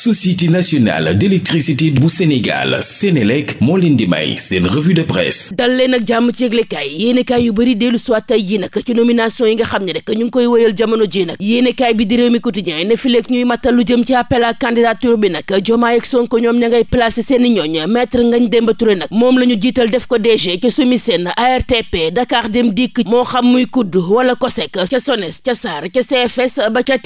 société nationale d'électricité bu Sénégal Sénélec moo leen di may seen revue de presse dal leen ak jàmm ci yëglekaay yéenekaay yu bëri dellu soit tey yi nag ci nomination yi nga xam ne rek ñu ngi koy wéyal jamono ji nag yéenekaay bi di réew mi quotidien ñuy matal lu jëm ci appel à bi nag Jomaay ak Sonko ñoom ña ngay placer seen ñooñ maître Ngagne Demba Touré nag moom la jiital def ko DG ca SOMISEN ARTP Dakar Dem Dikk moo xam muy kudd wala COSEC ca SONES ca SAR ca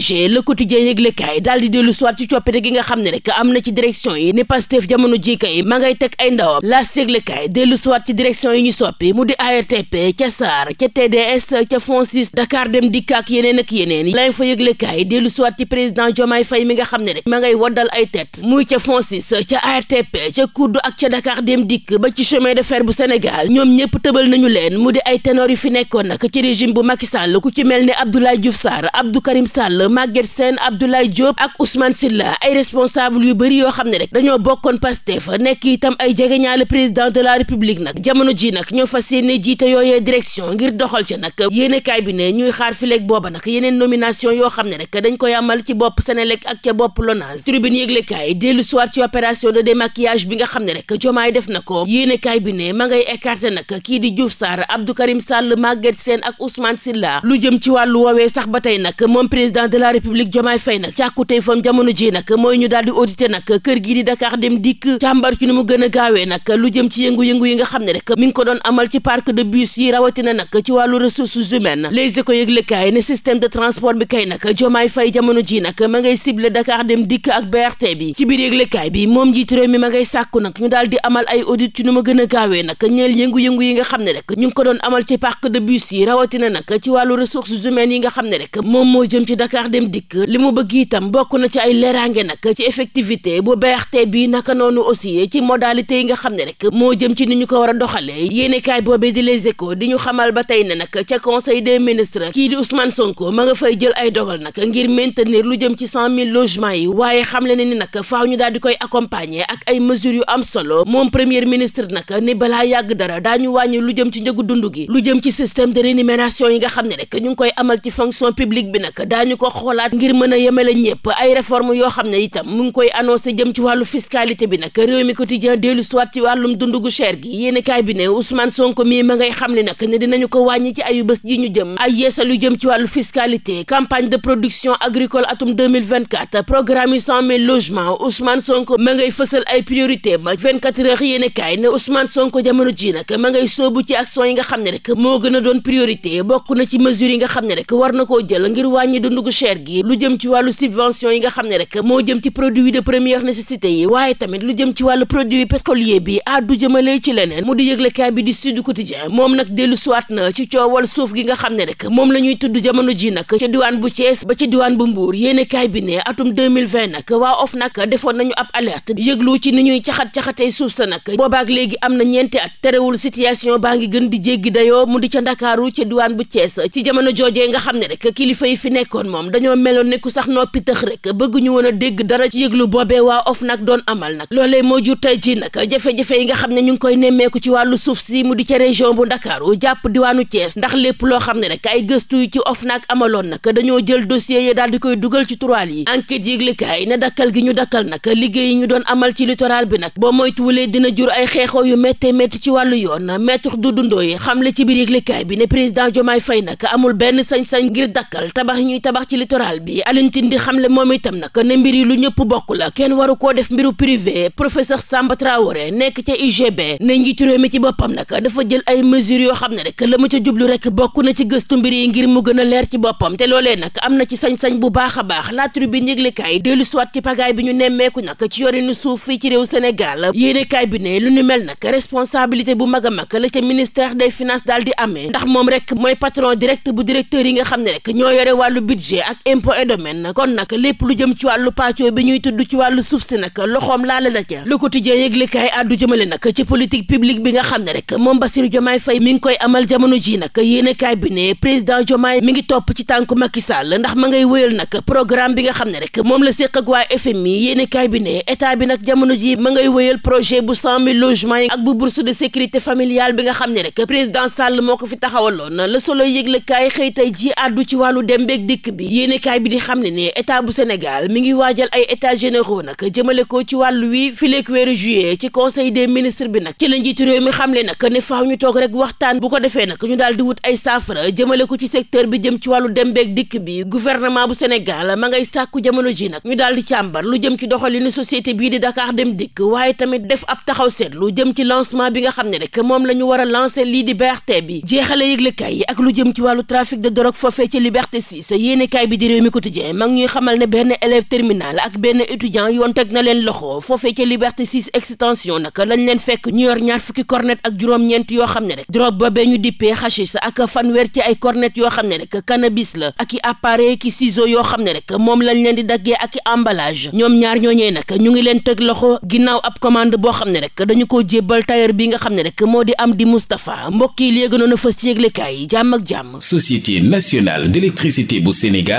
DG le quotidien yëgle kaay daal di dellu soir ci coppite gi nga xam ne rek am na ci direction yi ne Pastef jamono ji kay ma ngay teg ay ndawam laas yëgle dellu soir ci direction yi ñu soppi mu di ARTP ca SAR ca TDS ca FONSIS Dakar dem dikk ak yeneen ak yeneen yi fa yëgle dellu soir ci président Diomaye Faye mi nga xam ne rek ma ngay waddal ay tet muy ca FONSIS ca ARTP ca kuddu ak ca Dakar dem dikk ba ci chemin de fer bu Sénégal ñoom Maguette Sène Abdoulaye Diop ak Ousmane Sylla ay responsable yu bëri yoo xam ne rek dañoo bokkoon Pastef nekk itam ay jegeñaale président de la république nag jamono ji nag ñoo fas yéene jiite yooyee direction ngir doxal ca nag yéenekaay bi ne ñuy xaar fileeg booba nag yeneen nomination yoo xam ne rek dañ koy amal ci bopp lekk ak ca bopp Lonase tribune yëglekaay dellu soir ci opération de démaquillage bi nga xam ne rek jomaay def na ko yéenekaay bi ne ma ngay écarté nag kii di Diouf Sarr Abdou Karim Sall Maguette Sène ak Ousmane Sylla lu jëm ci wàllu woowee sax ba tey nag moom président de la république jomaay fay nag càkkutey fam jamono ji nag mooy ñu daal di audité kër gii di dem dikk càmbar ci nu mu gën a lu jëm ci yëngu-yëngu yi nga xam ne rek ngi ko doon amal ci parc de bus yi rawatina nag ci wàllu ressources humaines les éco yëglekaay ne système de transport bi kay nag jomaay fay jamono ji nag ma ngay ciblé Dakar dem dikk ak BRT bi bi moom njiit réew mi ma ngay sàkku nag ñu daal di amal ay audit ci nu mu gën a gaawee yi nga xam ne rek ñu ngi ko doon amal ci parc de bus yi rawatina nag ci wàllu ressources humaines yi nga xam ne rek moom moo jëm ci Dakar dem dikk li mu bëgg itam bokk na ci ay leeraange nag ci effectivité bu BRT bi naka noonu aussi ci modalité yi nga xam ne rek moo jëm ci ni ñu ko war a doxalee yéenekaay boobee di Les Échos di ñu xamal ba tey ne nag ca conseil des ministres kii di Ousmane Sonko ma nga fay jël ay dogal nag ngir maintenir lu jëm ci cent mille logements yi waaye xam le ne ni nag faaw ñu daal di koy accompagner ak ay mesures yu am solo moom premier ministre nag ni balaa yàgg dara daa ñu wàññi lu jëm ci njëgu dund gi lu jëm ci système de rémunération yi nga xam ne rek ñu ngi koy amal ci fonction publique bi nag daañu ko xoolaat ngir mën a yemale ñëpp ay réforme yoo xam ne itam mu ngi koy annoncé jëm ci wàllu fiscalité bi nag réew mi quotidien dellu soit ci wàllum dund gu cher gi yéenekaay bi ne Ousmane Sonko mii ko de production agricole atum 2024 programme yu 100 000 logements Ousmane Sonko ma ngay fësal ay priorité ma 24 heures yéenekaay ne Ousmane Sonko jamono ji nag ma ngay soobu ci action yi nga xam ne rek moo gën a doon priorité bokk na ci mesures yi nga xam ne rek war na koo jël ngir wàññi dund gu cher cher gi lu jëm ci wàllu subvention yi nga xam ne rek moo jëm ci produit de première nécessité yi waaye tamit lu jëm ci wàllu produit pétrolier bi àddu jëmale ci leneen mu di yëglekaay bi di Sud Quotidien moom nag dellu siwaat na ci coowal suuf gi nga xam ne rek moom la tudd jamono ji nag ca diwaan bu Thiès ba ci diwaan bu Mbour yéenekaay bi ne atum 2020 nag waa OFNAC defoon nañu ab alerte yëglu ci ni ñuy caxat-caxatee suuf sa nag boobaak léegi am dañoo meloon ne ku sax noppi tëx rek bëgguñu ñu a dégg dara ci yëglu boobee waa OFNAC doon amal nag loole moo jur tey ji nag jafe-jafe yi nga xam ne ñu ngi koy nemmeeku ci wàllu suuf si mu di ca région bu Ndakaaru jàpp diwaanu Thiès ndax lépp loo xam ne rek ay gëstu yu ci OFNAC amaloon nag dañoo jël dossier yi daal di koy dugal ci tural yi enquête yëglikaay ne dakkal gi ñu dakkal nag liggéey yi ñu doon amal ci littoral bi nag boo moytuwulee dina jur ay xeexoo yu métte métti ci wàllu yoon maître Doudou Ndoye xamle ci biir bi ne président Diomaye Faye nag amul benn sañ ngir dakkal littoral bi Alioune Tine di xamle moom itam nag ne mbir yi lu ñëpp bokk la kenn waru koo def mbiru privé professeur Samba Traoré nekk ca UGB ne njiitu réew mi ci boppam nag dafa jël ay mesures yoo xam ne rek la mu ca jublu rek bokk na ci gëstu mbir yi ngir mu gën a leer ci boppam te loolee nag am na ci sañ-sañ bu baax a baax la tribune yëglekaay dellu soit ci pagaay bi ñu nemmeeku nag ci yorinu suuf fii ci réew Sénégal yéenekaay bi ne lu ñu mel nag responsabilité bu mag a mag la ca ministère des finances daal di amee ndax moom rek mooy patron direct bu directeur yi nga xam ne rek ñoo yore wàllu budget ak impôt et domaine kon nag lépp lu jëm ci wàllu pàccoo bi ñuy tudd ci wàllu suuf si nag loxoom laale na ca le quotidien yëglekaay àddu jëmale nag ci politique publique bi nga xam ne rek moom Bassirou Diomaye Faye mi ngi koy amal jamono ji nag yéenekaay bi ne président Diomaye mi ngi topp ci tànku Macky ndax ma ngay wéyal nag programme bi nga xam ne rek moom la séq ak waa FMI yéenekaay bi ne état bi nag jamono ji ma ngay wéyal projet bu cent mille logements ak bu bourse de sécurité familiale bi nga xam ne rek président Sall moo ko fi taxawaloon Le Soleil yëglekaay xëy tey ji àddu ci wàllu dem beeg dikk bi yéenekaay bi di xam ne ne état bu Sénégal mi ngi waajal ay états généraux nag jëmale ko ci wàllu wi fileeg weeru juillet ci conseil de ministres bi nag ci la njiitu réew mi xamle nag ne faaw ñu toog rek waxtaan bu ko defee nag ñu daal di wut ay saafara jëmale ko ci secteur bi jëm ci wàllu dem beeg dikk bi gouvernement bu Sénégal ma ngay sàkku jamono ji nag ñu daal di càmbar lu jëm ci doxalinu société bii di Dakar dem dikk waaye tamit def ab taxaw seetlu jëm ci lancement bi nga xam ne rek moom la ñu war a lancer lii di BRT bi jeexale yëglekaay yi ak lu jëm ci wàllu trafic de drogue foofee ci Liberté 6 bi di réew mi quotidien mag ñuy xamal ne benn élève terminal ak benn étudiant yoon teg na leen loxo foofee ca liberté 6 extension naka lañ leen fekk ñu yor ñaar fukki cornet ak juróom-ñeent yoo xam ne rek drogue boobee ñu dippee xachis ak fanweer ci ay cornet yoo xam ne rek cannabis la ak i appareil ki ciseaux yoo xam ne rek moom lañ leen di daggee ak i emballage ñoom ñaar ñooñee nag ñu ngi leen teg loxo ginnaaw ab commande boo xam ne rek dañu koo jébbal tailleur bi nga xam ne rek moo di am di Moustapha mbokk yi léegi noonu fas yéeglekaay yi jàmm ak jàmm société nationale d'électricité bu Sénégal